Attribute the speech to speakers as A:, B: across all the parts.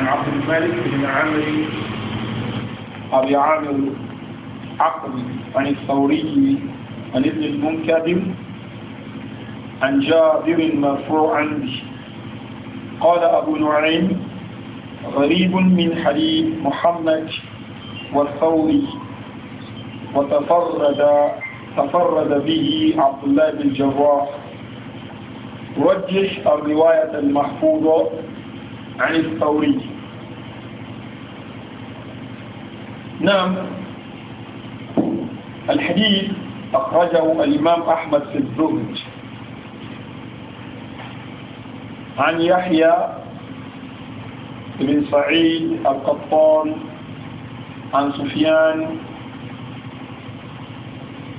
A: عن عبد الملك بن عمرو أبي عامر عقل عن الثوري عن ابن المنكدم عن جابر مرفوعا به قال أبو نعيم غريب من حديث محمد والثوري وتفرد تفرد به عبد الله بن الجراح رجح الرواية المحفوظة عن الثوري نعم الحديث أخرجه الإمام أحمد في الزهد عن يحيى بن سعيد القطان عن سفيان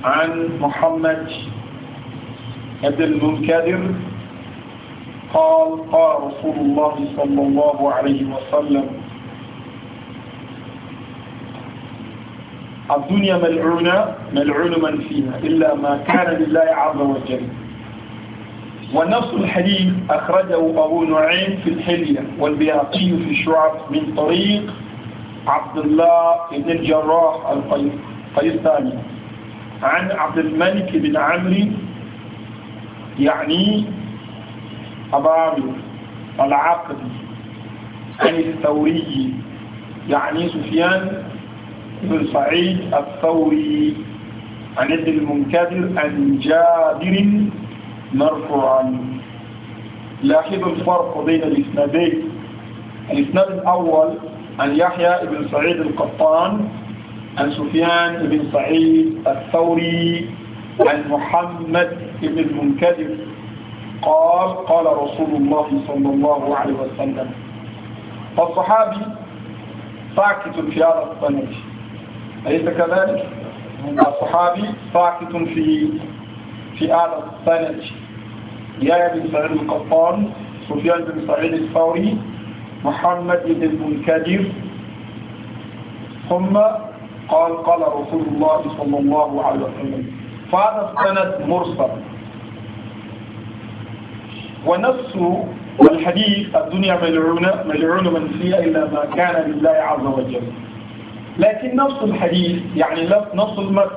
A: عن محمد بن المنكدر قال قال رسول الله صلى الله عليه وسلم الدنيا ملعونة ملعون من فيها إلا ما كان لله عز وجل ونفس الحديث أخرجه أبو نعيم في الحلية والبياقي في الشعب من طريق عبد الله بن الجراح القيساني عن عبد الملك بن عمرو يعني الحضاري والعقد عن الثوري يعني سفيان بن سعيد الثوري عن ابن المنكدر عن جابر مرفوعا لاحظ الفرق بين الاسنادين الاسناد الاول عن يحيى بن سعيد القطان عن سفيان بن سعيد الثوري عن محمد بن المنكدر قال قال رسول الله صلى الله عليه وسلم فالصحابي ساكت في هذا السند أليس كذلك؟ الصحابي ساكت في في هذا السند يا بن سعيد القطان سفيان بن سعيد الثوري محمد بن المنكدر ثم قال قال رسول الله صلى الله عليه وسلم فهذا السند مرسل ونفس والحديث الدنيا ملعونة ملعونة من فيها إلا ما كان لله عز وجل لكن نفس الحديث يعني نفس المرء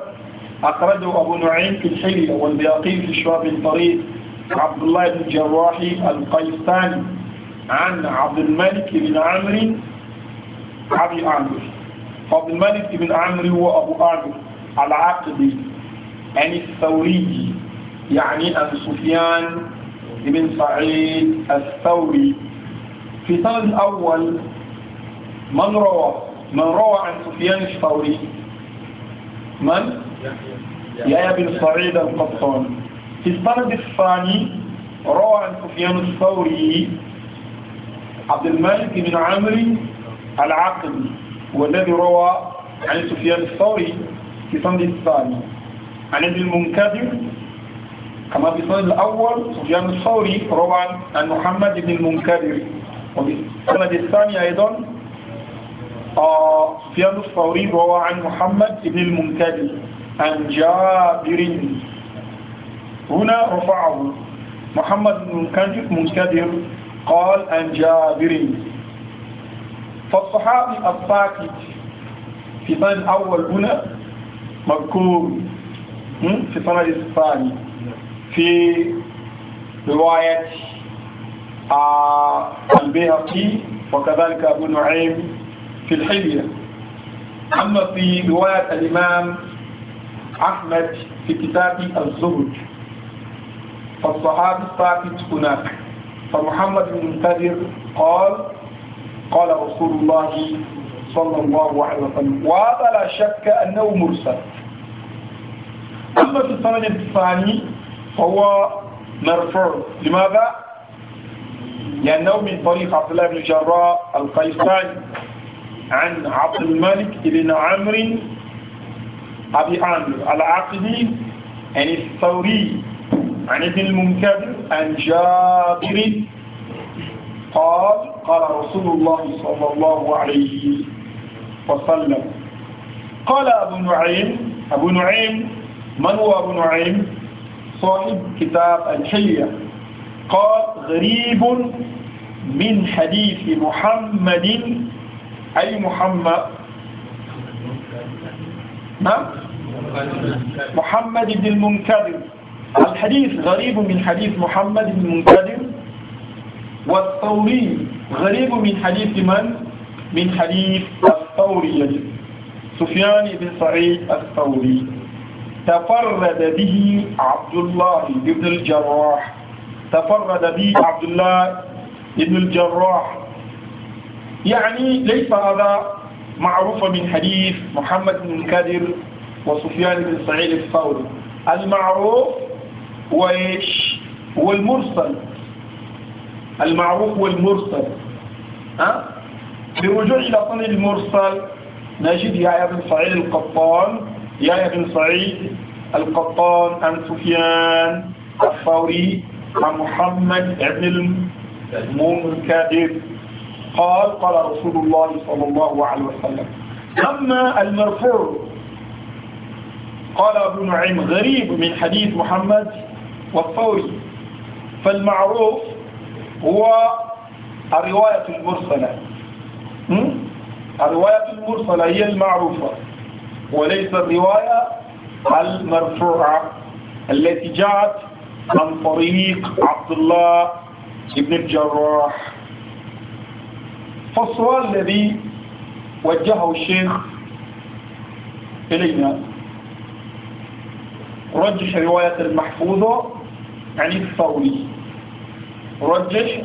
A: أخرجه أبو نعيم في الحلية والبياقي في شباب الطريق عبد الله بن جراح القيساني عن عبد الملك بن عمرو أبي عمرو عبد الملك بن عمرو أبو عمرو العقدي عن يعني الثوري يعني أبو سفيان بن سعيد الثوري في السند الأول من روى من روى عن سفيان الثوري
B: من؟ يا بن
A: سعيد القطان في السند الثاني روى عن سفيان الثوري عبد الملك بن عمرو العقل والذي روى عن سفيان الثوري في السند الثاني عن ابن المنكدر كما في السند الأول سفيان الثوري روى عن محمد بن المنكدر وفي السند الثاني أيضا آه، سفيان الثوري روى عن محمد بن المنكدر عن جابر هنا رفعه محمد بن منكدر قال عن جابر فالصحابي الساكت في سنة الأول هنا مذكور في سنة الثاني في رواية آه، البيهقي وكذلك أبو نعيم في الحلية أما في رواية الإمام أحمد في كتاب الزهد فالصحابي الثابت هناك فمحمد بن المنكدر قال قال رسول الله صلى الله عليه وسلم وهذا لا شك أنه مرسل أما في الثاني فهو مرفوع لماذا؟ لأنه من طريق عبد الله بن جراء القيساني عن عبد الملك بن عمرو أبي عمرو العقدي عن الثوري عن ابن المنكدر عن جابر قال قال رسول الله صلى الله عليه وسلم قال أبو نعيم أبو نعيم من هو أبو نعيم صاحب كتاب الحلية قال غريب من حديث محمد أي محمد نعم محمد بن المنكدر الحديث غريب من حديث محمد بن المنكدر والثوري غريب من حديث من؟ من حديث الثوري سفيان بن سعيد الثوري تفرد به عبد الله بن الجراح تفرد به عبد الله بن الجراح يعني ليس هذا معروف من حديث محمد بن الكادر وسفيان بن سعيد الثوري المعروف هو ايش هو المرسل المعروف هو المرسل ها أه؟ برجوع الى طن المرسل نجد يا ابن سعيد القطان يحيى بن سعيد القطان عن سفيان الثوري عن محمد بن المنكدر قال قال رسول الله صلى الله عليه وسلم أما المرفوع قال أبو نعيم غريب من حديث محمد والثوري فالمعروف هو الرواية المرسلة الرواية المرسلة هي المعروفة وليس الرواية المرفوعة التي جاءت عن طريق عبد الله بن الجراح فالسؤال الذي وجهه الشيخ إلينا رجح رواية المحفوظة عن الثوري رجح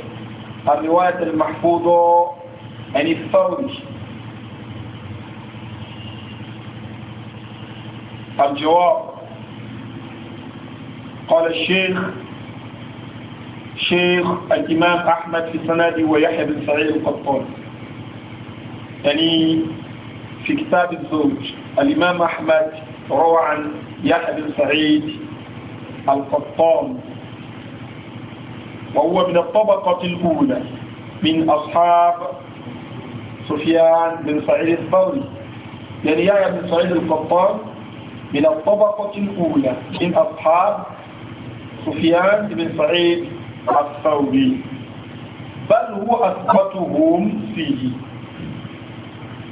A: الرواية المحفوظة عن الثوري الجواب قال الشيخ شيخ الإمام أحمد في سنادي ويحيى بن سعيد القطان يعني في كتاب الزوج الإمام أحمد روى عن يحيى بن سعيد القطان وهو من الطبقة الأولى من أصحاب سفيان بن سعيد الثوري يعني يحيى بن سعيد القطان من الطبقة الأولى من أصحاب سفيان بن سعيد الثوري بل هو أثبتهم فيه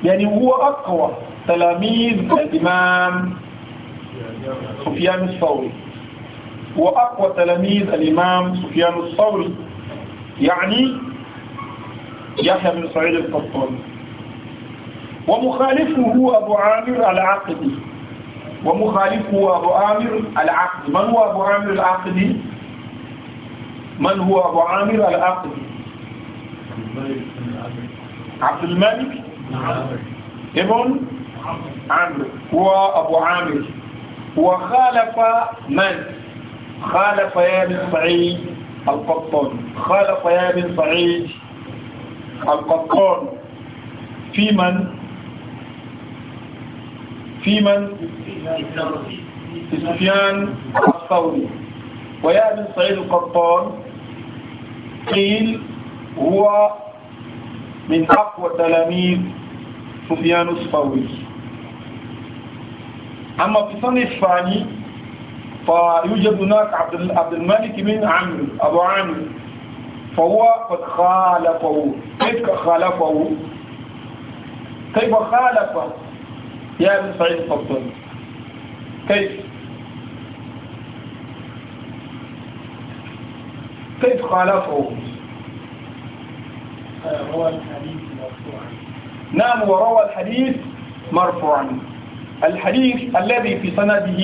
A: يعني هو أقوى تلاميذ الإمام سفيان الثوري هو أقوى تلاميذ الإمام سفيان الثوري يعني يحيى بن سعيد القطان ومخالفه هو أبو عامر العقدي ومخالفه أبو عامر العقد من هو أبو عامر العقد من هو أبو عامر العقد عبد الملك ابن عمرو هو أبو عامر وخالف من خالف يا بن سعيد القطان خالف يا بن سعيد القطان في من في من؟ في سفيان الثوري ويا بن سعيد القطان قيل هو من أقوى تلاميذ سفيان الثوري أما في الصنف الثاني فيوجد هناك عبد الملك بن عمرو أبو عمرو فهو قد خالفه كيف خالفه كيف خالفه يا ابن سعيد القطان كيف كيف خالفه روى الحديث مرفوعا نعم وروى الحديث مرفوعا الحديث الذي في سنده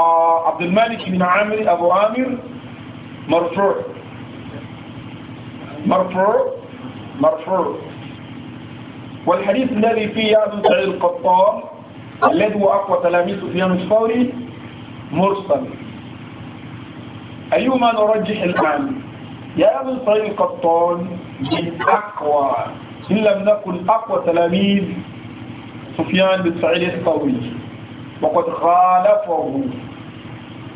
A: آه، عبد الملك بن عامر أبو عامر مرفوع مرفوع مرفوع والحديث الذي فيه يا ابن سعيد القطان الذي هو أقوى تلاميذ سفيان الثوري مرسل أيما نرجح الآن يا ابن سعيد القطان من أقوى إن لم نكن أقوى تلاميذ سفيان بن سعيد الثوري وقد خالفه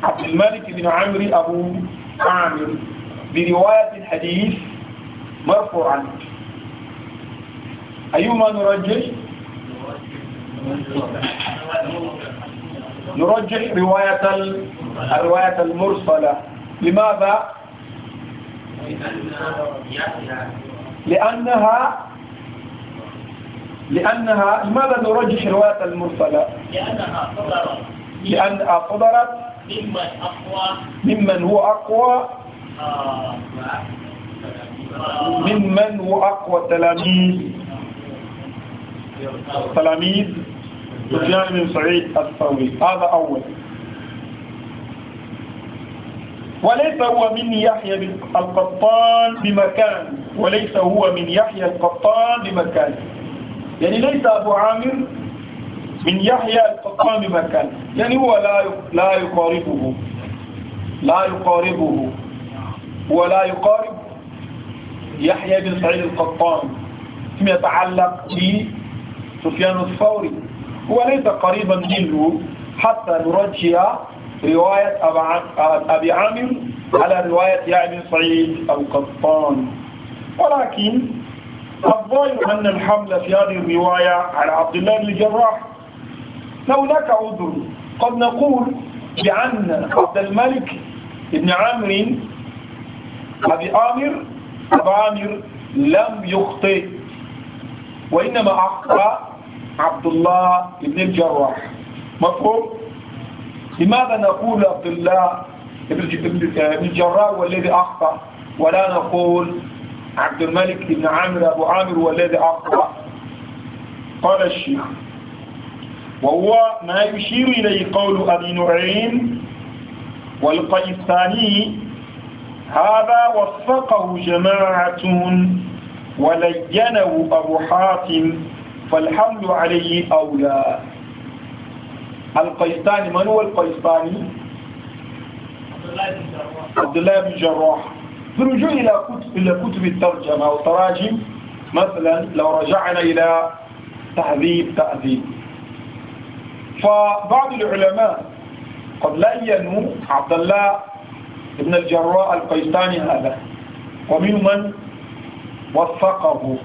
A: عبد الملك بن عمرو أبو عامر برواية الحديث مرفوعا أيما نرجح نرجح رواية الرواية المرسلة لماذا لأنها لأنها لماذا نرجح رواية المرسلة
B: لأنها صدرت
A: لأنها صدرت
B: ممن أقوى
A: ممن هو أقوى ممن هو أقوى التلاميذ تلاميذ سفيان بن سعيد الثوري هذا أول وليس هو من يحيى القطان بمكان وليس هو من يحيى القطان بمكان يعني ليس أبو عامر من يحيى القطان بمكان يعني هو لا لا يقاربه لا يقاربه ولا يقارب يحيى بن سعيد القطان فيما يتعلق سفيان الثوري هو ليس قريبا منه حتى نرجع رواية أبي عامر على رواية يعني سعيد القطان ولكن الظاهر أن الحمل في هذه الرواية على عبد الله بن الجراح لو لك عذر قد نقول بأن عبد الملك بن عامر أبي عامر أبا عامر لم يخطئ وإنما أخطأ عبد الله بن الجراح مفهوم؟ لماذا نقول عبد الله بن آه، الجراح والذي أخطأ ولا نقول عبد الملك بن عامر أبو عامر والذي أخطأ قال الشيخ وهو ما يشير إليه قول أبي نعيم والقيساني هذا وفقه جماعة ولينه أبو حاتم فالحمل عليه أولى القيستاني من هو القيستاني؟ عبد الله بن جراح برجوع إلى كتب, إلى كتب الترجمة والتراجم مثلا لو رجعنا إلى تهذيب تهذيب فبعض العلماء قد لينوا عبد الله بن الجراح القيستاني هذا ومن من وثقه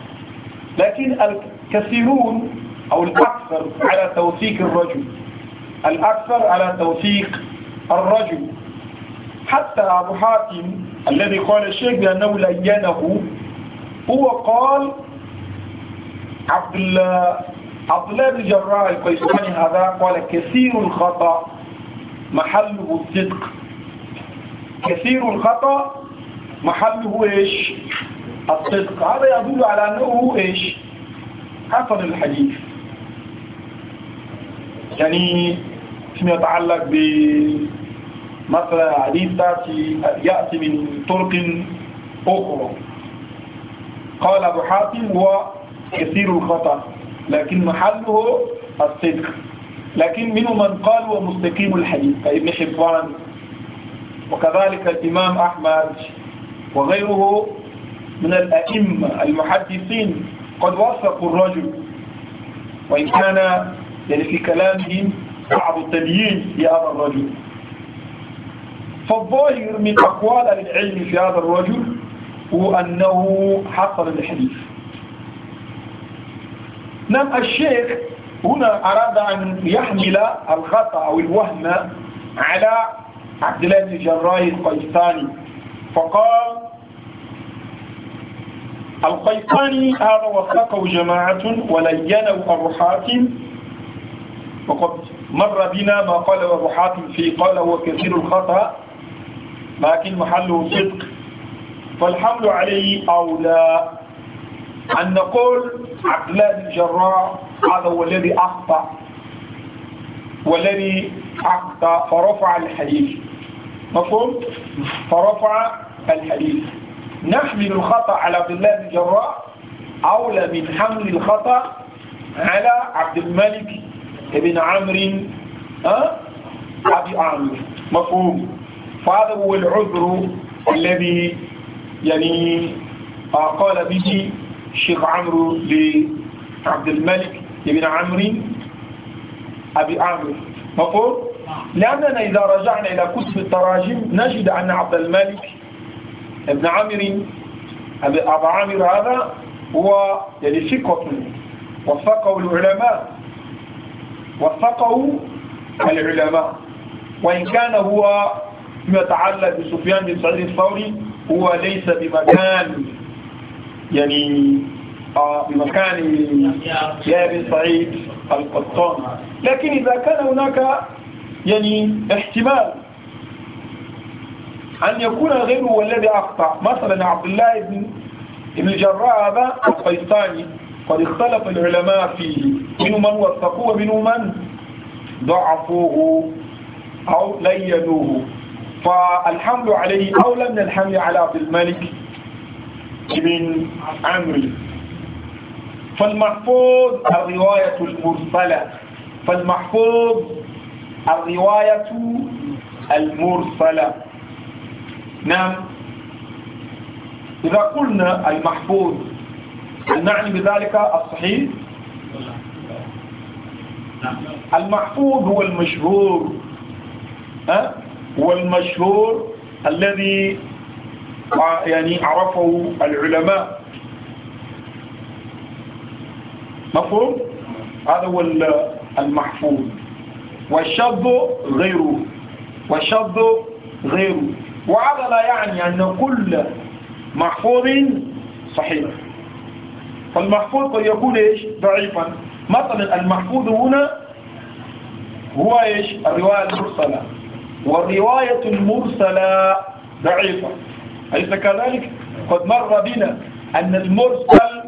A: لكن الكثيرون أو الأكثر على توثيق الرجل الأكثر على توثيق الرجل حتى أبو حاتم الذي قال الشيخ بأنه لينه هو قال عبد الله عبد الله بن جراح القيسواني هذا قال كثير الخطأ محله الصدق كثير الخطأ محله ايش؟ الصدق هذا يدل على أنه إيش حسن الحديث يعني فيما يتعلق مثلا حديث تأتي يأتي من طرق أخرى قال أبو حاتم هو كثير الخطأ لكن محله الصدق لكن منهم من قال هو مستقيم الحديث كابن حبان وكذلك الإمام أحمد وغيره من الأئمة المحدثين قد وثقوا الرجل وإن كان يعني في كلامهم بعض التبيين في هذا الرجل فالظاهر من أقوال العلم في هذا الرجل هو أنه حصل الحديث نعم الشيخ هنا أراد
B: أن يحمل
A: الخطأ أو الوهم على عبد الله بن جراح القيساني فقال القيطاني هذا وثقه جماعة ولينا أبو حاتم وقد مر بنا ما قال أبو حاتم في قال هو كثير الخطأ لكن محله صدق فالحمل عليه أولى أن نقول عبد الله بن هذا هو الذي أخطأ والذي أخطأ فرفع الحديث مفهوم؟ فرفع الحديث نحمل الخطأ على عبد الله بن جراح أولى من حمل الخطأ على عبد الملك بن عمرو ها أبي عمرو مفهوم فهذا هو العذر الذي يعني آه، قال به الشيخ عمرو لعبد الملك بن عمرو أبي عمرو مفهوم؟ نعم. لأننا إذا رجعنا إلى كتب التراجم نجد أن عبد الملك ابن عامر أبا عامر هذا هو يعني ثقة وثقه العلماء وثقه العلماء وإن كان هو فيما يتعلق بسفيان بن سعيد الثوري هو ليس بمكان يعني آه بمكان يا بن سعيد القطان لكن إذا كان هناك يعني احتمال أن يكون غيره هو الذي أخطأ مثلا عبد الله بن ابن الجراح هذا القيطاني قد اختلف العلماء فيه منهم من وثقوه ومنهم من ضعفوه أو لينوه فالحمل عليه أو لم الحمل على عبد الملك بن عمرو فالمحفوظ الرواية المرسلة فالمحفوظ الرواية المرسلة نعم إذا قلنا المحفوظ هل نعني بذلك الصحيح المحفوظ هو المشهور ها؟ هو المشهور الذي يعني عرفه العلماء مفهوم هذا هو المحفوظ والشذ غيره والشذ غيره وهذا لا يعني أن كل محفوظ صحيح فالمحفوظ قد يكون إيش ضعيفا مثلا المحفوظ هنا هو إيش الرواية المرسلة والرواية المرسلة ضعيفة أليس كذلك قد مر بنا أن المرسل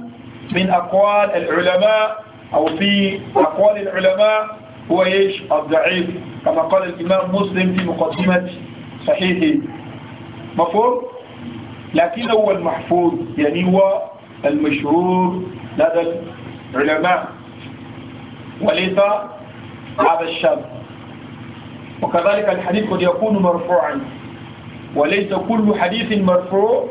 A: من أقوال العلماء أو في أقوال العلماء هو إيش الضعيف كما قال الإمام مسلم في مقدمة صحيحه مفهوم لكن هو المحفوظ يعني هو المشهور لدى العلماء وليس هذا الشاب وكذلك الحديث قد يكون مرفوعا وليس كل حديث مرفوع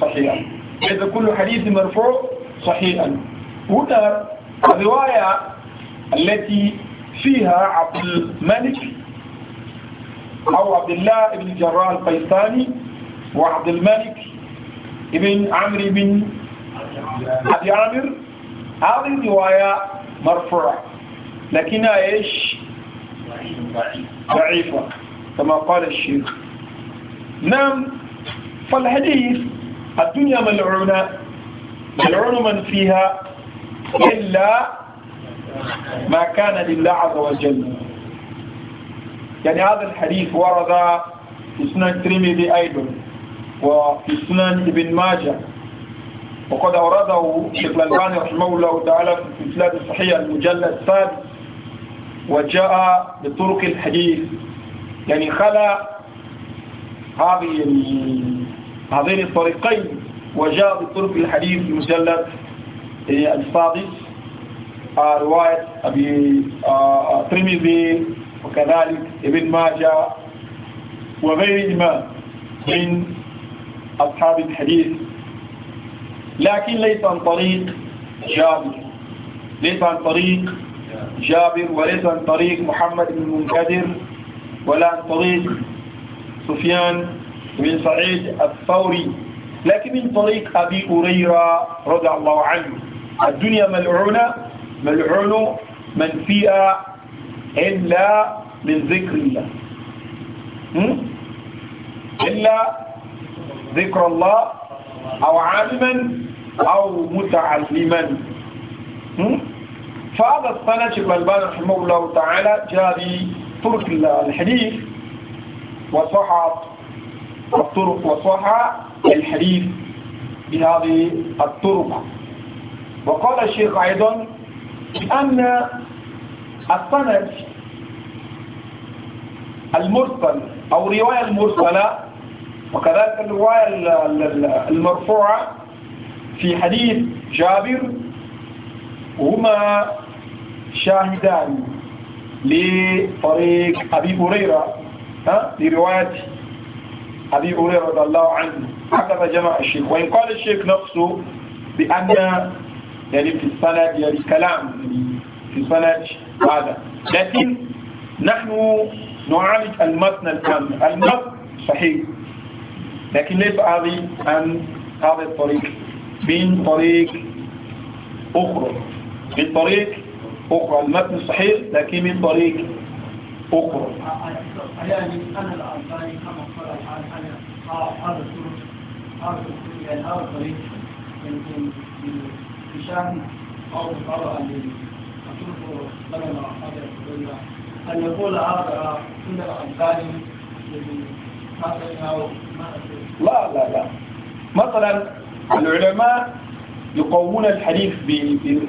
A: صحيحا ليس كل حديث مرفوع صحيحا هنا الرواية التي فيها عبد الملك أو عبد الله بن جراح القيساني وعبد الملك بن عمرو بن أبي عامر هذه رواية مرفوعة لكنها إيش ضعيفة كما قال الشيخ نعم فالحديث الدنيا ملعونة ملعون من فيها إلا ما كان لله عز وجل يعني هذا الحديث ورد في سنن الترمذي أيضا وفي سنن ابن ماجه وقد أورده شيخ الألباني رحمه الله تعالى في الإسلام الصحيح المجلد السادس وجاء بطرق الحديث يعني خلا هذه هذين الطريقين وجاء بطرق الحديث في المجلد يعني السادس آه، رواية أبي آه، آه، الترمذي وكذلك ابن ماجه وغيرهما من أصحاب الحديث لكن ليس عن طريق جابر ليس عن طريق جابر وليس عن طريق محمد بن منكدر ولا عن طريق سفيان بن سعيد الثوري لكن من طريق أبي هريرة رضي الله عنه الدنيا ملعونة ملعون من فيها إلا من ذكر الله إلا ذكر الله أو علما أو متعلما فهذا الصلاة شيخ رحمه الله تعالى جاء طرق الحديث وصحى الطرق وصحى الحديث بهذه الطرق وقال الشيخ أيضا أن السند المرسل أو رواية المرسلة وكذلك الرواية المرفوعة في حديث جابر هما شاهدان لطريق أبي هريرة لرواية أبي هريرة رضي الله عنه حسب جماعة الشيخ وإن قال الشيخ نفسه بأن يعني في السند يعني كلام يعني في صلاة هذا لكن نحن نعالج المتن الكامل المتن صحيح لكن ليس هذه أن هذا الطريق من طريق أخرى من طريق أخرى المتن صحيح لكن من طريق أخرى
B: يعني آه، هذا الطريق يعني هذا الطريق أن يقول هذا عند الأمثال لا لا لا مثلا
A: العلماء يقومون الحديث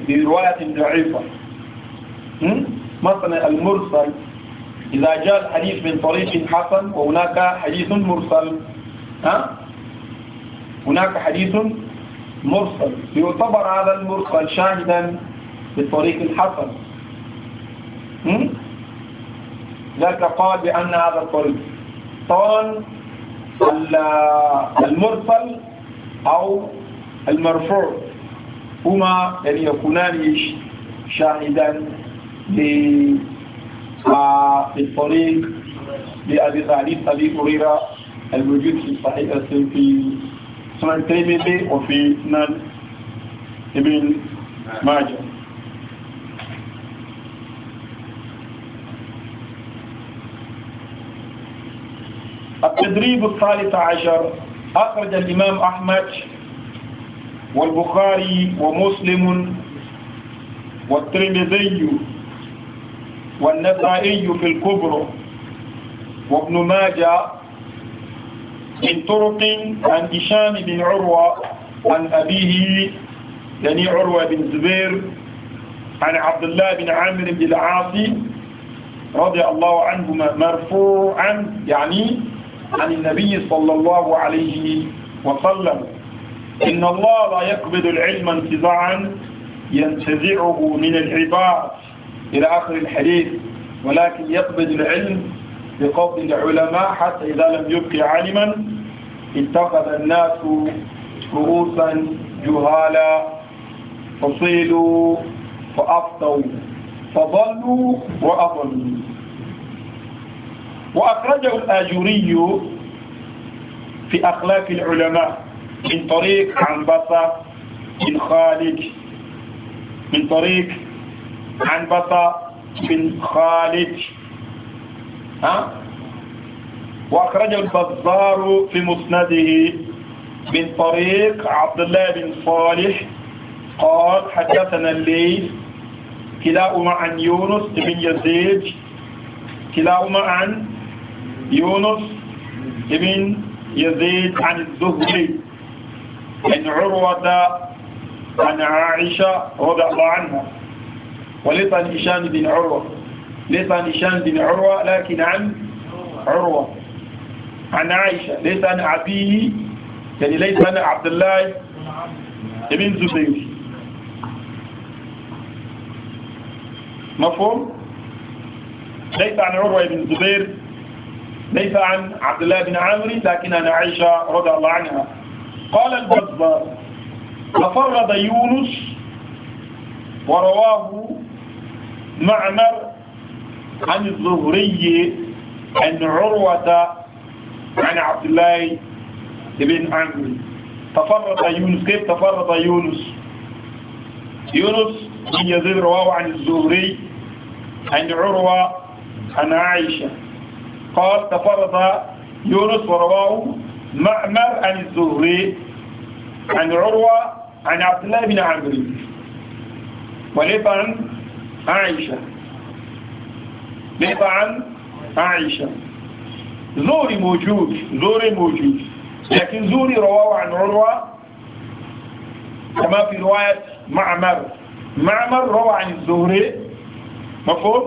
A: برواية ضعيفة مثلا المرسل إذا جاء الحديث من طريق حسن وهناك حديث مرسل ها؟ هناك حديث مرسل يعتبر هذا المرسل شاهدا بطريق الحسن ذاك قال بأن هذا الطريق طال المرسل أو المرفوع هما يعني يكونان شاهدا للطريق آه، لأبي غالي أبي هريرة الموجود في صحيح في سنة الترمذي وفي سنة ابن ماجه التدريب الثالث عشر أخرج الإمام أحمد والبخاري ومسلم والترمذي والنسائي في الكبرى وابن ماجه من طرق عن هشام بن عروة عن أبيه يعني عروة بن زبير عن عبد الله بن عامر بن العاصي رضي الله عنهما مرفوعا يعني عن النبي صلى الله عليه وسلم إن الله لا يقبض العلم انتزاعا ينتزعه من العباد إلى آخر الحديث ولكن يقبض العلم بقبض العلماء حتى إذا لم يبقي علما اتخذ الناس رؤوسا جهالا فصيلوا فأبطوا فضلوا وأضلوا وأخرجه الآجوري في أخلاق العلماء من طريق عن بصة بن خالد من طريق عن بصة بن خالد ها وأخرجه البزار في مسنده من طريق عبد الله بن صالح قال حدثنا الليل كلاهما عن يونس بن يزيد كلاهما عن يونس ابن يزيد عن الزهري عن عروة عن عائشة رضي الله عنها وليس عن هشام بن عروة ليس عن هشام بن عروة لكن عن عروة عن عائشة ليس عن أبيه يعني ليس عن عبد الله ابن زبير مفهوم ليس عن عروة بن زبير ليس عن عبد الله بن عمرو لكن عن عائشة رضي الله عنها قال البزار تفرد يونس ورواه معمر عن الزهري عن عروة عن عبد الله بن عمرو تفرد يونس كيف تفرد يونس يونس بن يزيد رواه عن الزهري عن عروة عن عائشة قال تفرد يونس ورواه معمر عن الزهري عن عروة عن عبد الله بن عمرو وليس عن عائشة ليس عن عائشة زوري موجود زوري موجود لكن زوري رواه عن عروة كما في رواية معمر معمر روى عن الزهري مفهوم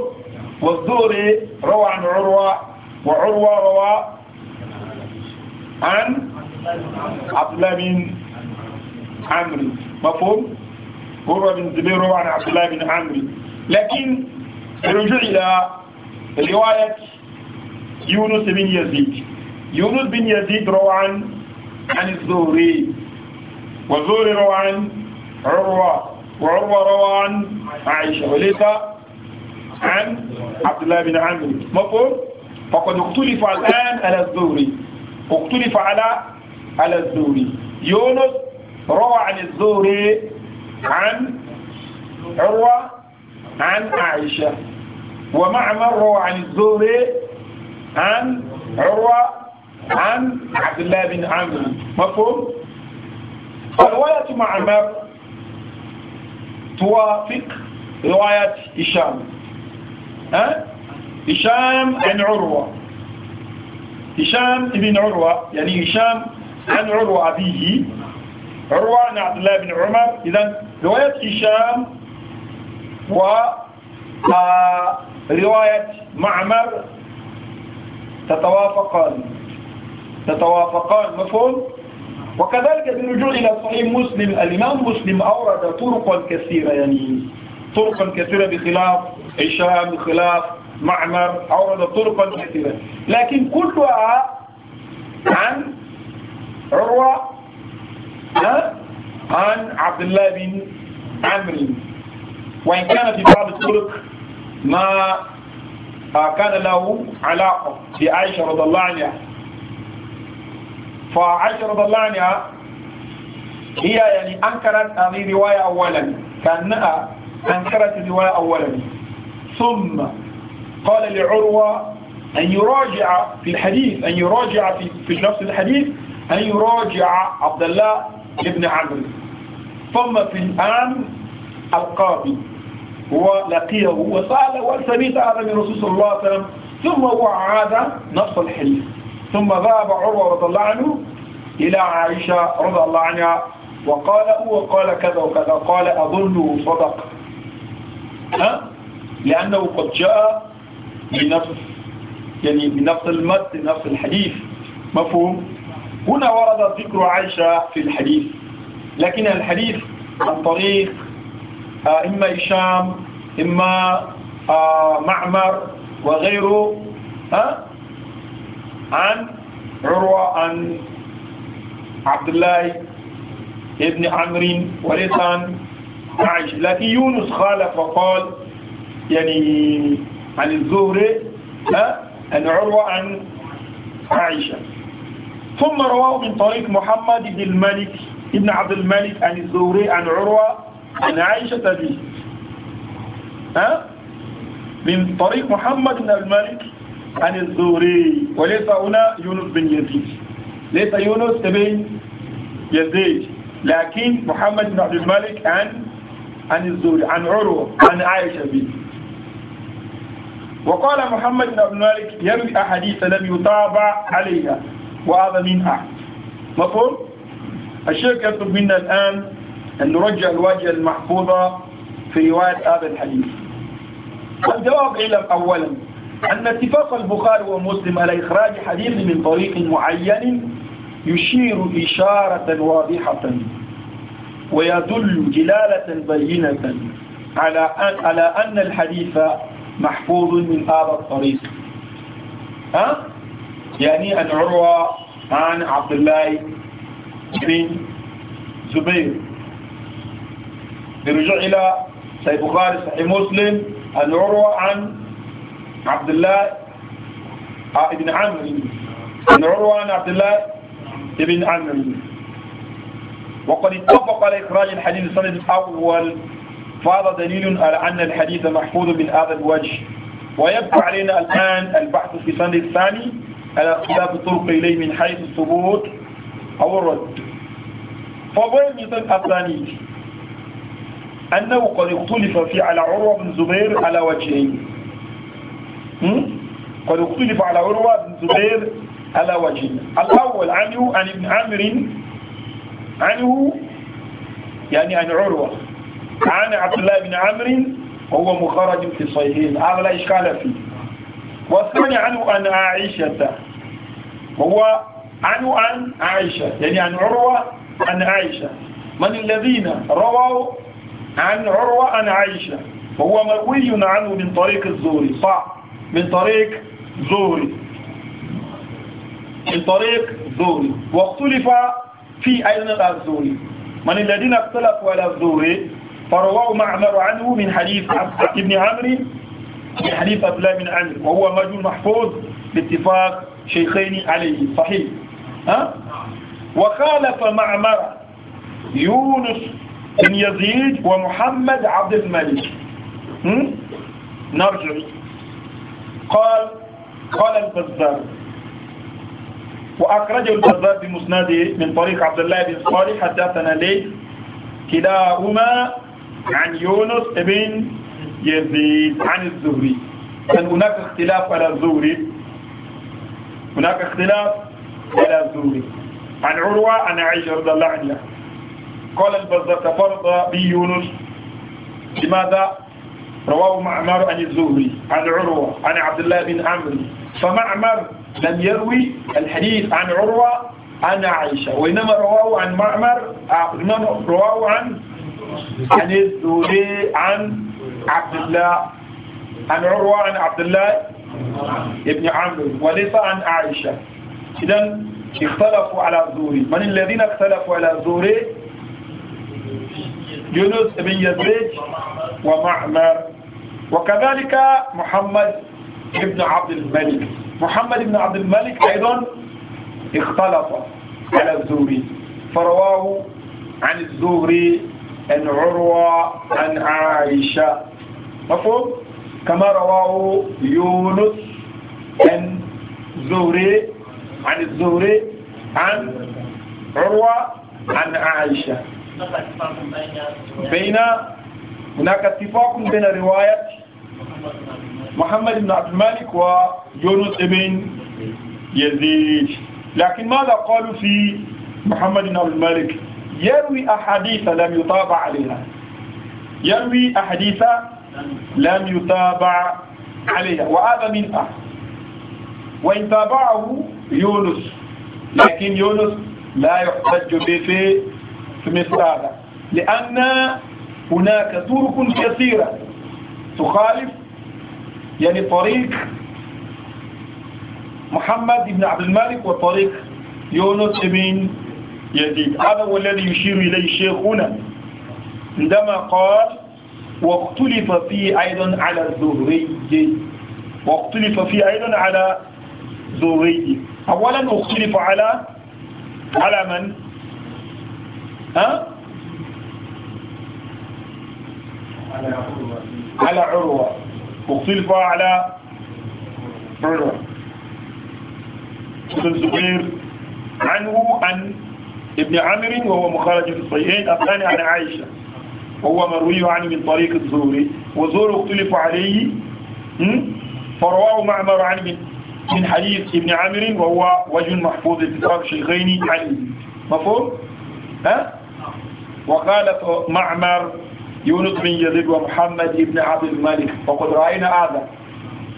A: والزهري روى عن عروة وعروة روى عن عبد الله بن عمرو مفهوم؟ عروة بن الزبير روى عن عبد الله بن عمرو لكن الرجوع إلى رواية يونس بن يزيد يونس بن يزيد روى عن عن الزهري وزهري روى عن عروة وعروة روى عن عائشة وليس عن عبد الله بن عمرو مفهوم؟ فقد اختلف الآن على الزهري اختلف على على الزهري يونس روى عن الزهري عن عروة عن عائشة ومعمر روى عن الزهري عن عروة عن عبد الله بن عمرو مفهوم؟ رواية معمر توافق رواية هشام ها؟ أه؟ هشام عن عروة هشام بن عروة يعني هشام عن عروة أبيه عروة عن عبد الله بن عمر إذا رواية هشام ورواية آه، معمر تتوافقان تتوافقان مفهوم وكذلك بالرجوع إلى صحيح مسلم الإمام مسلم أورد طرقا كثيرة يعني طرقا كثيرة بخلاف هشام بخلاف معمر عرض طرقا كثيرة لكن كلها عن عروة عن عبد الله بن عمرو وإن كان في بعض الطرق ما كان له علاقة بعائشة رضي الله عنها فعائشة رضي الله عنها هي يعني أنكرت هذه الرواية أولا كأنها أنكرت الرواية أولا ثم قال لعروة أن يراجع في الحديث أن يراجع في, في نفس الحديث أن يراجع عبد الله بن عمرو ثم في الآن القاضي ولقيه وسأل والسبيت هذا من رسول الله صلى الله عليه وسلم ثم هو عاد نفس الحديث ثم ذهب عروة رضي الله عنه إلى عائشة رضي الله عنها وقال هو قال كذا وكذا قال أظنه صدق ها؟ لأنه قد جاء بنفس يعني بنفس المد نفس الحديث مفهوم هنا ورد ذكر عائشة في الحديث لكن الحديث عن طريق آه، إما هشام إما آه، معمر وغيره آه، عن عروة عن عبد الله ابن عمرين وليس عن عائشة لكن يونس خالف وقال يعني عن الزهري عن عروة عن عائشة ثم رواه من طريق محمد بن الملك ابن عبد الملك عن الزهري عن عروة عن عائشة به ها من طريق محمد بن الملك عن الزهري وليس هنا يونس بن يزيد ليس يونس بن يزيد لكن محمد بن عبد الملك عن عن الزهري عن عروة عن عائشة به وقال محمد بن مالك يروي أحاديث لم يتابع عليها وهذا منها مفهوم؟ الشيخ يطلب منا الآن أن نرجع الواجهة المحفوظة في رواية هذا الحديث الجواب إلى أولا أن اتفاق البخاري ومسلم على إخراج حديث من طريق معين يشير إشارة واضحة ويدل دلالة بينة على أن الحديث محفوظ من هذا الطريق ها؟ يعني أن عروة عن عبد الله بن زبير برجوع إلى صحيح بخاري صحيح مسلم أن عروة عن عبد الله آه، بن عمرو أن عروة عن عبد الله بن عمرو وقد اتفق على إخراج الحديث السند الأول فهذا دليل على أن الحديث محفوظ من هذا الوجه ويبقى علينا الآن البحث في السند الثاني على خلاف الطرق إليه من حيث الثبوت أو الرد فضيل مثل الثاني أنه قد اختلف في على عروة بن زبير على وجهين قد اختلف على عروة بن زبير على وجهين الأول عنه عن ابن عامر عنه يعني عن عروة عن عبد الله بن عمرو وهو مخرج في الصحيحين هذا لا إشكال فيه والثاني عنه أن عائشة هو عنه عن عائشة يعني عن عروة عن عائشة من الذين رووا عن عروة عن عائشة هو مروي عنه من طريق الزوري صح من طريق زوري من طريق زوري واختلف في أيضا الزوري من الذين اختلفوا على الزوري فرواه معمر عنه من حديث ابن عمرو من حديث عبد الله بن عمرو وهو مجهول محفوظ باتفاق شيخين عليه صحيح ها وخالف معمر يونس بن يزيد ومحمد عبد الملك نرجع قال قال البزار وأخرجه البزار بمسنده من طريق عبد الله بن صالح حدثنا ليه كلاهما عن يونس بن يزيد عن الزهري كان هناك اختلاف على الزهري هناك اختلاف على الزهري عن عروة عن عائشة رضي الله عنها قال البزة تفرض بي يونس لماذا رواه معمر عن الزهري عن عروة عن عبد الله بن عمرو فمعمر لم يروي الحديث عن عروة عن عائشة وإنما رواه عن معمر آه، رواه عن عن الزهري عن عبد الله عن عروة عن عبد الله ابن عمرو وليس عن عائشة إذا اختلفوا على الزهري من الذين اختلفوا على الزهري يونس بن يزيد ومعمر وكذلك محمد بن عبد الملك محمد بن عبد الملك أيضا اختلف على الزهري فرواه عن الزهري عن عروة عن عائشة مفهوم كما رواه يونس عن زهري عن الزهري عن عروة عن عائشة بين هناك اتفاق بين رواية محمد بن عبد الملك ويونس بن يزيد لكن ماذا قالوا في محمد بن عبد الملك يروي أحاديث لم يتابع عليها يروي أحاديث لم يتابع عليها وهذا من أحد وإن تابعه يونس لكن يونس لا يحتج به في مثل هذا لأن هناك طرق كثيرة تخالف يعني طريق محمد بن عبد الملك وطريق يونس بن يزيد هذا هو الذي يشير إليه شيخنا عندما قال واختلف فيه أيضا على الزهري واختلف فيه أيضا على زهري أولا اختلف على على من ها على عروة اختلف على عروة الزبير عنه أن ابن عامر وهو مخرج في الصحيحين الثاني عن عائشة وهو مروي عنه من طريق الزهري وزهري اختلف عليه فرواه معمر عن من من حديث ابن عامر وهو وجه محفوظ اتفاق شيخين عليه مفهوم؟ ها؟ وقال معمر يونس بن يزيد ومحمد بن عبد الملك وقد رأينا هذا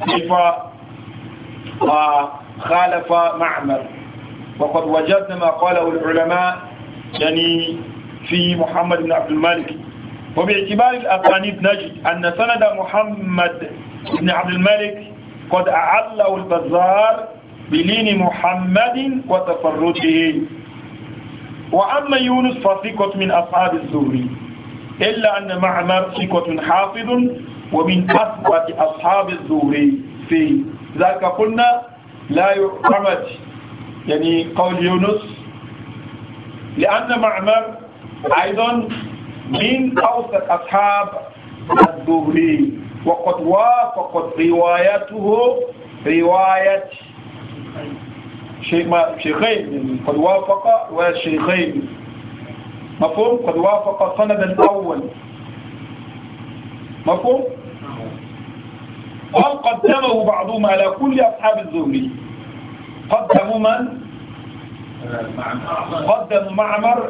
A: كيف خالف معمر وقد وجدنا ما قاله العلماء يعني في محمد بن عبد الملك وباعتبار الأسانيد نجد أن سند محمد بن عبد الملك قد أعله البزار بلين محمد وتفرده وأما يونس فثقة من أصحاب الزهري إلا أن معمر ثقة حافظ ومن أثبت أصحاب الزهري في ذاك قلنا لا يعتمد يعني قول يونس لأن معمر أيضا من أوسط أصحاب الزهري وقد وافقت روايته رواية شيخين قد وافق رواية شيخين مفهوم قد وافق سند الأول مفهوم نعم. وقدمه بعضهم على كل أصحاب الزهري قدموا من؟ قدموا معمر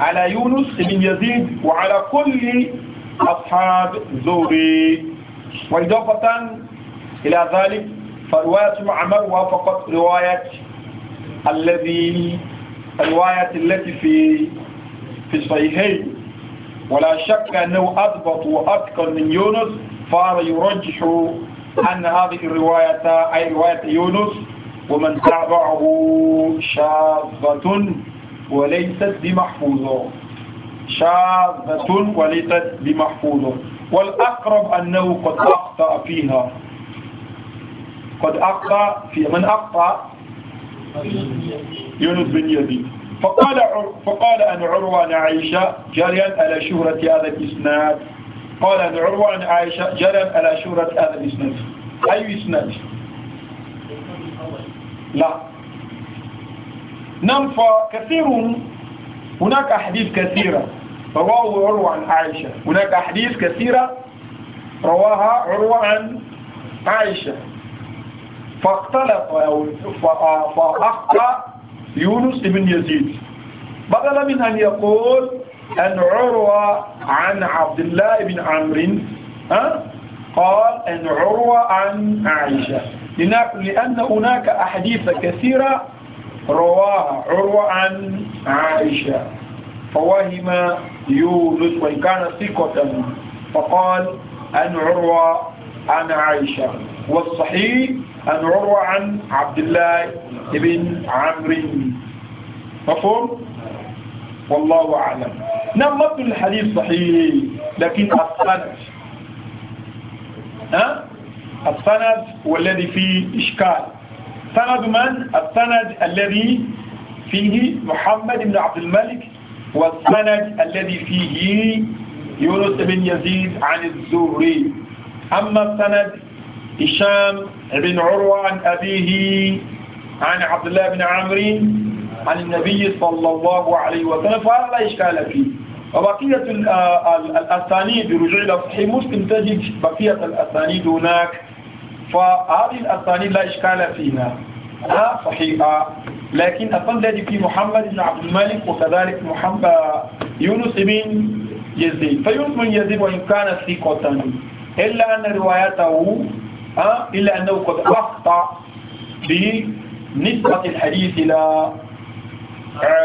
A: على يونس بن يزيد وعلى كل أصحاب زوري وإضافة إلى ذلك فرواية معمر وافقت رواية الذي الرواية التي في في الصحيحين ولا شك أنه أضبط وأتقن من يونس فهذا يرجح أن هذه الرواية أي رواية يونس ومن تابعه شاذة وليست بمحفوظة شاذة وليست بمحفوظة والأقرب أنه قد أخطأ فيها قد أخطأ فيها من أخطأ يونس بن يزيد فقال فقال أن عروة عن عائشة جريا على شهرة هذا الإسناد قال أن عروة عن عائشة جريا على شهرة هذا الإسناد أي إسناد؟ لا نعم فكثير هناك أحاديث كثيرة رواه عروة عن عائشة هناك أحاديث كثيرة رواها عروة عن عائشة فاختلف فأخطأ يونس بن يزيد بدلا من أن يقول أن عروة عن عبد الله بن عمرو قال أن عروة عن عائشة لأن هناك أحاديث كثيرة رواها عروة عن عائشة فوهم يونس وإن كان ثقة فقال أن عروة عن عائشة والصحيح أن عروة عن عبد الله بن عمرو مفهوم؟ والله أعلم نعم متن الحديث صحيح لكن السند ها السند والذي فيه إشكال سند من؟ السند الذي فيه محمد بن عبد الملك والسند الذي فيه يونس بن يزيد عن الزهري أما السند هشام بن عروة عن أبيه عن عبد الله بن عمرو عن النبي صلى الله عليه وسلم فهذا لا إشكال فيه وبقية آه، الأسانيد برجوع إلى صحيح مسلم تجد بقية الأسانيد هناك فهذه الأسانيد لا إشكال فيها لا صحيحة لكن الذي في محمد بن عبد الملك وكذلك محمد يونس بن يزيد فيونس بن يزيد وإن كان ثقة إلا أن روايته إلا أنه قد أخطأ بنسبة الحديث إلى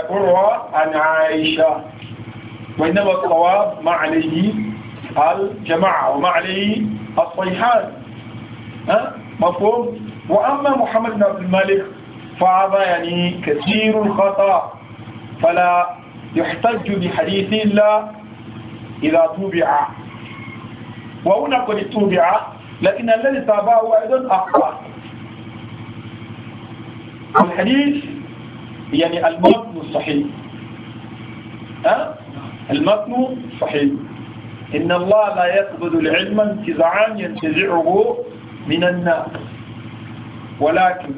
A: عروة عن عائشة وإنما الصواب ما عليه الجماعة وما عليه الصيحات مفهوم وأما محمد بن عبد الملك فهذا يعني كثير الخطأ فلا يحتج بحديث إلا إذا توبع وهنا قد توبع لكن الذي تابعه أيضا أقوى الحديث يعني المتن الصحيح ها؟ المتن صحيح إن الله لا يقبض العلم انتزاعا ينتزعه من الناس ولكن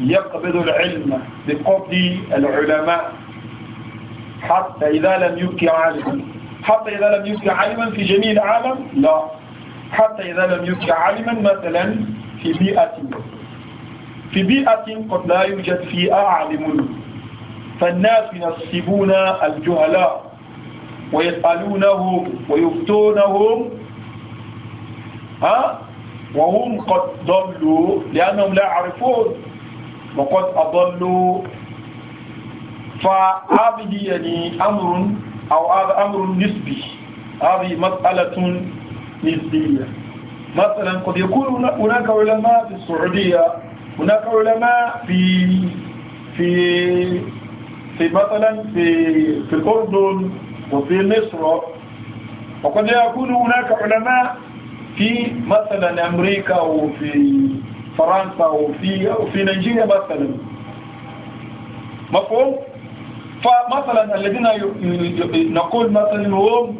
A: يقبض العلم بقبض العلماء حتى إذا لم يبكي عالما حتى إذا لم يبكي عالما في جميع العالم لا حتى إذا لم يبكي عالما مثلا في بيئة في بيئة قد لا يوجد فيها عالم فالناس ينصبون الجهلاء ويسألونهم ويفتونهم ها وهم قد ضلوا لأنهم لا يعرفون وقد أضلوا فهذه يعني أمر أو هذا أمر نسبي هذه مسألة نسبية مثلا قد يكون هناك علماء في السعودية هناك علماء في في في مثلا في في الأردن وفي مصر وقد يكون هناك علماء في مثلا أمريكا أو في فرنسا أو في, أو في نيجيريا مثلا مفهوم؟ فمثلا الذين نقول مثلا هم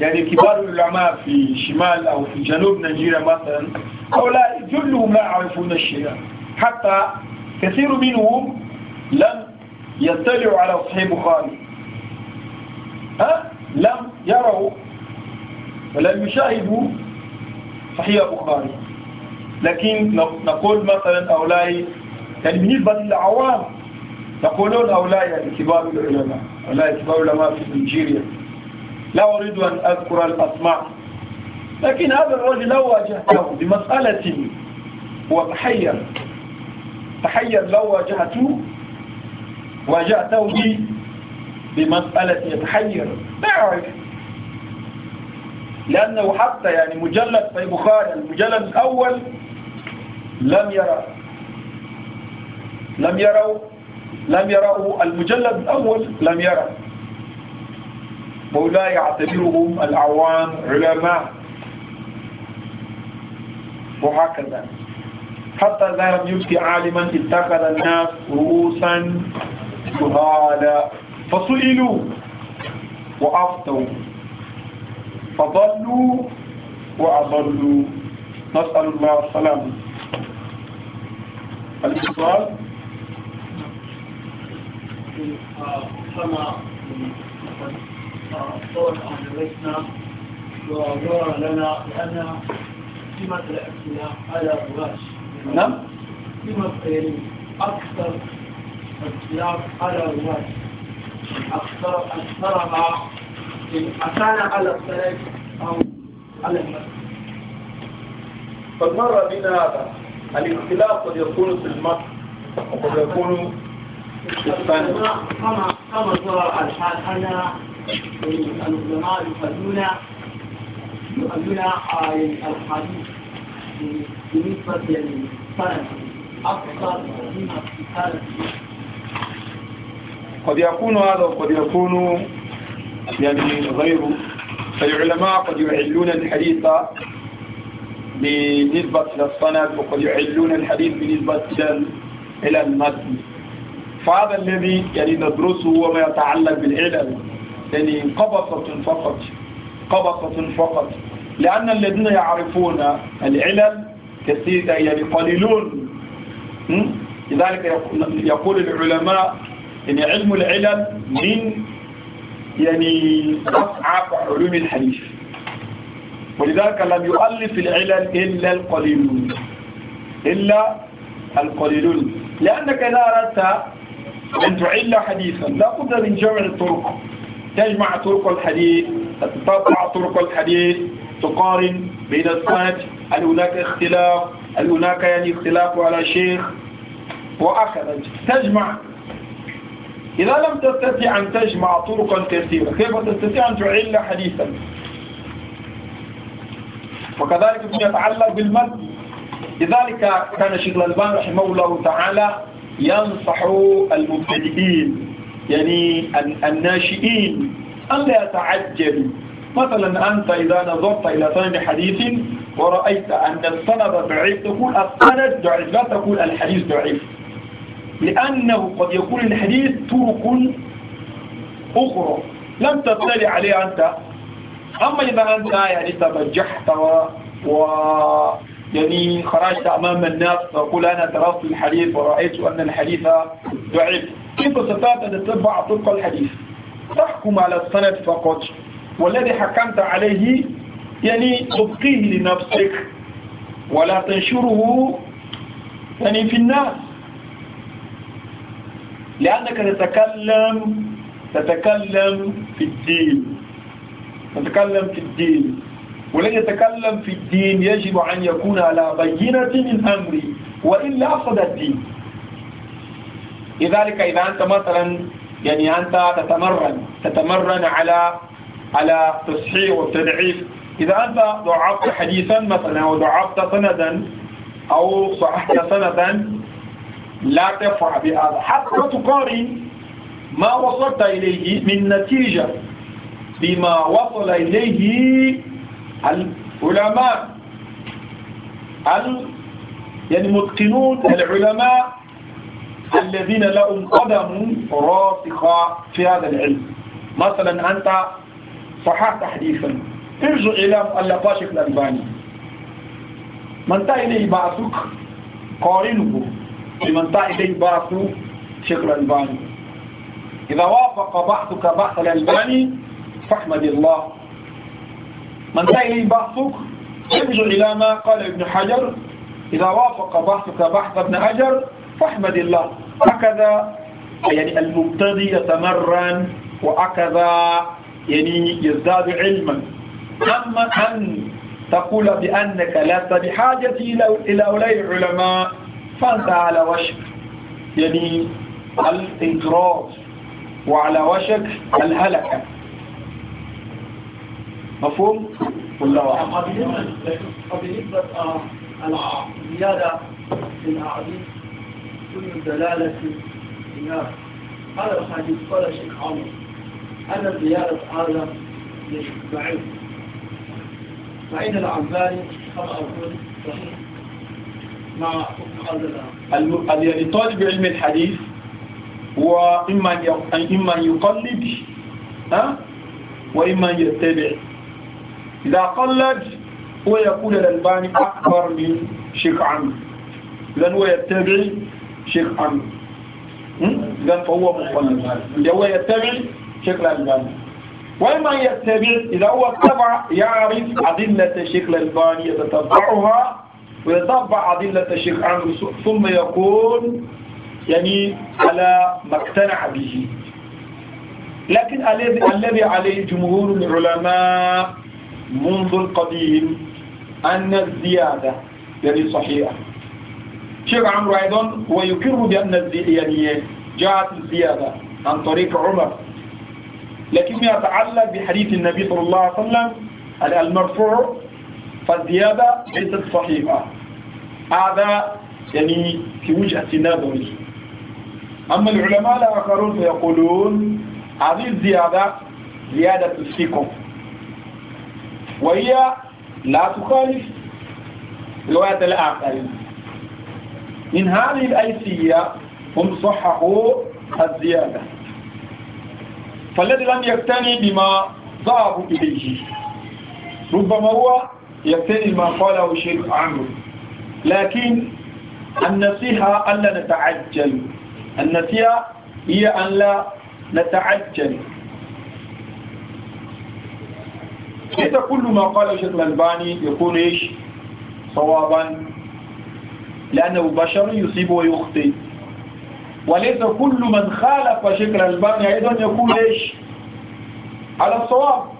A: يعني كبار العلماء في شمال أو في جنوب نيجيريا مثلا هؤلاء جلهم لا يعرفون الشيء حتى كثير منهم لم يطلعوا على صحيح البخاري ها؟ لم يروا ولم يشاهدوا صحيح البخاري لكن نقول مثلا هؤلاء يعني بالنسبة للعوام يقولون هؤلاء يعني كبار العلماء هؤلاء كبار العلماء في نيجيريا لا أريد أن أذكر الأسماء لكن هذا الرجل لو واجهته بمسألة هو تحير لو واجهته واجهته بمسألة يتحير لا يعرف لأنه حتى يعني مجلد في بخاري المجلد الأول لم يرى لم يروا لم يروا المجلد الأول لم يرى وهؤلاء يعتبرهم العوام علماء وهكذا حتى إذا لم يبقي عالما اتخذ الناس رؤوسا جهالا فسئلوا وأفتوا فضلوا وأضلوا نسأل الله السلام الإفضال
B: الصور عن ليسنا وظهر لنا لأن قيمة الأكلة على الرأس نعم قيمة أكثر السياق على الرأس أكثر أكثرها أكان على السلف أو على المسجد
A: فالمرة بنا هذا الاختلاف قد يكون في المرء وقد يكون
B: في الثاني كما كما ظهر الحال أن العلماء يفهمون يؤمنون الحديث بالنسبة للسلف أكثر مما في هذا
A: قد يكون هذا وقد يكون يعني غيره فالعلماء قد يعلون الحديث بنسبة للصند وقد يعلون الحديث بنسبة إلى المتن فهذا الذي يعني ندرسه هو ما يتعلق بالعلم يعني قبصة فقط قبصة فقط لأن الذين يعرفون العلم كثير يعني قليلون لذلك يقول العلماء إن علم العلم من يعني أصعب علوم الحديث ولذلك لم يؤلف العلل إلا القليلون إلا القليلون لأنك إذا أردت أن تعل حديثا لا بد من جمع الطرق تجمع طرق الحديث تتبع طرق الحديث تقارن بين السند هل هناك اختلاف هل هناك يعني اختلاف على شيخ وأخذ تجمع إذا لم تستطيع أن تجمع طرقا كثيرة كيف تستطيع أن تعل حديثا وكذلك فيما يتعلق بالمد لذلك كان شيخ الألبان رحمه الله تعالى ينصح المبتدئين يعني الناشئين أن لا يتعجلوا مثلا أنت إذا نظرت إلى سند حديث ورأيت أن السند ضعيف تقول السند ضعيف لا تقول الحديث ضعيف لأنه قد يكون الحديث طرق أخرى لم تطلع عليه أنت أما إذا أنت يعني تبجحت و, و... يعني خرجت أمام الناس تقول أنا درست الحديث ورأيت أن الحديث ضعيف كيف ستات أن تتبع طرق الحديث تحكم على السند فقط والذي حكمت عليه يعني تبقيه لنفسك ولا تنشره يعني في الناس لأنك تتكلم تتكلم في الدين تتكلم في الدين ولن يتكلم في الدين يجب أن يكون على بينة من أمره وإلا أفضل الدين لذلك إذا أنت مثلا يعني أنت تتمرن تتمرن على على تصحيح والتدعيف إذا أنت ضعفت حديثا مثلا أو ضعفت سندا أو صححت سندا لا تفرح بهذا حتى تقارن ما وصلت إليه من نتيجة بما وصل إليه العلماء يعني متقنون العلماء الذين لهم قدم راسخة في هذا العلم مثلا أنت صححت حديثا ارجع إلى اللطاشف الألباني من انتهى إليه بعثك قارنه لمن سعى بعث شيخ الألباني إذا وافق بعثك بعث الألباني فاحمد الله من سعى إليه بعثك ارجع إلى ما قال ابن حجر إذا وافق بحثك بحث ابن أجر فاحمد الله هكذا يعني المبتدي يتمرن وهكذا يعني يزداد علما أما أن تقول بأنك لست بحاجة إلى أولئك العلماء فانت على وشك يعني الانقراض وعلى وشك الهلكة
B: مفهوم؟ والله أعلم آه، في الأعاديث كل دلالة في هذا الحديث قال عمر أن فإن صحيح
A: طالب علم الحديث وإما إما يقلد ها وإما يتبع إذا قلد هو يقول الألباني أكبر من شيخ عمرو إذا هو يتبع شيخ عمرو إذا فهو مقلد إذا هو يتبع شيخ الألباني وإما يتبع إذا هو اتبع يعرف أدلة شيخ الألباني يتتبعها ويتبع أدلة الشيخ عمرو ثم يقول يعني على ما اقتنع به لكن الذي عليه جمهور العلماء منذ القديم أن الزيادة يعني صحيحة شيخ عمرو أيضا يقر بأن يعني جاءت الزيادة عن طريق عمر لكن يتعلق بحديث النبي صلى الله عليه وسلم المرفوع فالزيادة ليست صحيحة هذا يعني في وجهة نظري أما العلماء الآخرون فيقولون هذه الزيادة زيادة الثقة وهي لا تخالف رواية الآخرين من هذه الأيسية هم صححوا الزيادة فالذي لم يقتني بما ذهبوا إليه ربما هو يقتني ما قاله شيخ عمرو لكن النصيحة ألا نتعجل النصيحة هي أن لا نتعجل ليس كل ما قاله الشيخ الألباني يكون إيش صوابا لأنه بشر يصيب ويخطئ وليس كل من خالف الشيخ الألباني أيضا يكون إيش على الصواب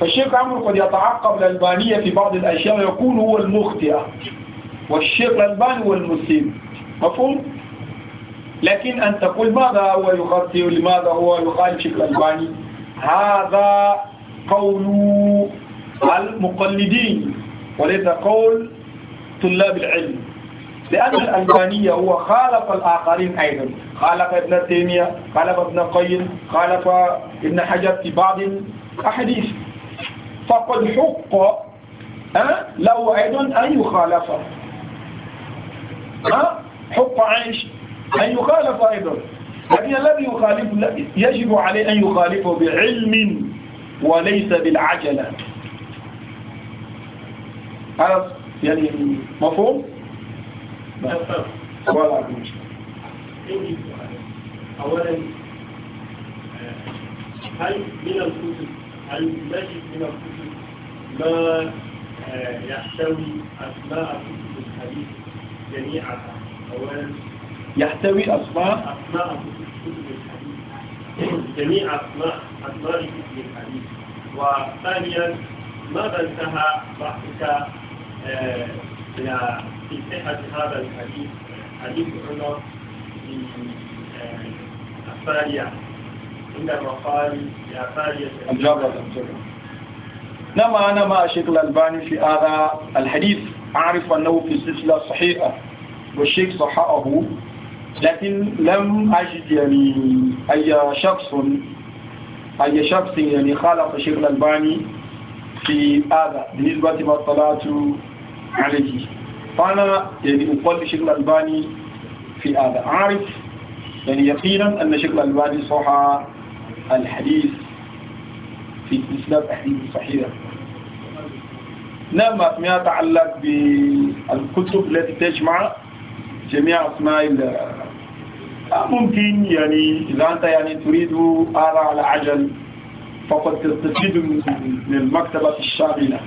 A: فالشيخ عمرو قد يتعقب الألبانية في بعض الأشياء ويكون هو المخطئ والشيخ الألباني هو المسلم مفهوم؟ لكن أن تقول ماذا هو يخطئ لماذا هو يخالف الشيخ الألباني هذا قول المقلدين وليس قول طلاب العلم لأن الألبانية هو خالف الآخرين أيضا خالف ابن تيمية خالف ابن قيم خالف ابن حجر في بعض الأحاديث فقد حق لو له أيضا أن يخالفه حق عيش أن يخالف أيضا لكن الذي يخالف يجب عليه أن يخالفه بعلم وليس بالعجلة هذا يعني مفهوم؟
B: ولا أولا آه، هل من الكتب هل نجد من الكتب ما آه، يحتوي أسماء كتب الحديث جميعها أولا يحتوي أسماء أسماء كتب الحديث جميع أسماء أسماء كتب الحديث وثانيا ماذا انتهى بحثك إلى آه، في صحة هذا الحديث حديث عمر في آه، الثانية نعم يا
A: نما أنا مع الشيخ الألباني في هذا الحديث أعرف أنه في السلسلة الصحيحة والشيخ صححه لكن لم أجد يعني أي شخص أي شخص يعني خالف الشيخ الألباني في هذا بالنسبة ما اطلعت عليه فأنا يعني أقول الشيخ الألباني في هذا أعرف يعني يقينا أن الشيخ الألباني صحى الحديث في إسناد أحاديث صحيحة نعم ما يتعلق بالكتب التي تجمع جميع أسماء آه، ممكن يعني إذا أنت يعني تريد آراء على عجل فقد تستفيد من المكتبة الشاغلة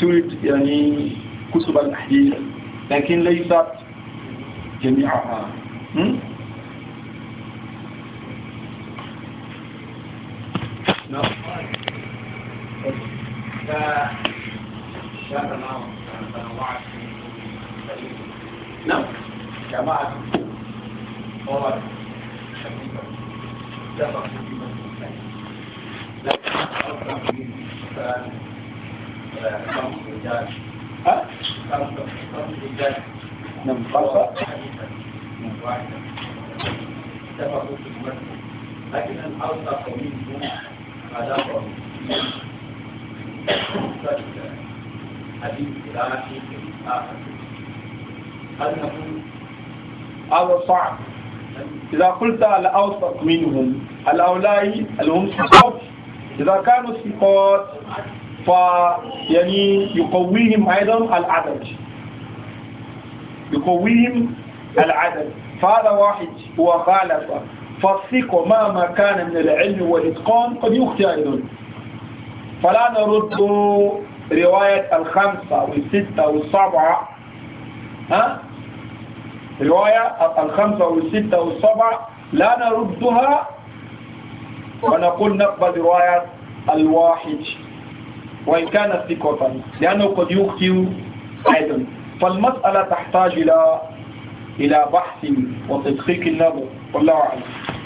A: تريد يعني كتب الأحاديث لكن ليست جميعها chamado صعب إذا قلت الأوسط منهم الأولاي اللي هم الثقات إذا كانوا الثقات فيعني يقويهم أيضا العدد يقويهم العدد فهذا واحد هو خالف فالثقة مهما كان من العلم والإتقان قد يخطئ أيضا فلا نرد رواية الخمسة والستة والسبعة ها رواية الخمسة والستة والسبعة لا نردها ونقول نقبل رواية الواحد وإن كانت ثقة لأنه قد يخطئ أيضا فالمسألة تحتاج إلى إلى بحث وتدقيق النظر والله أعلم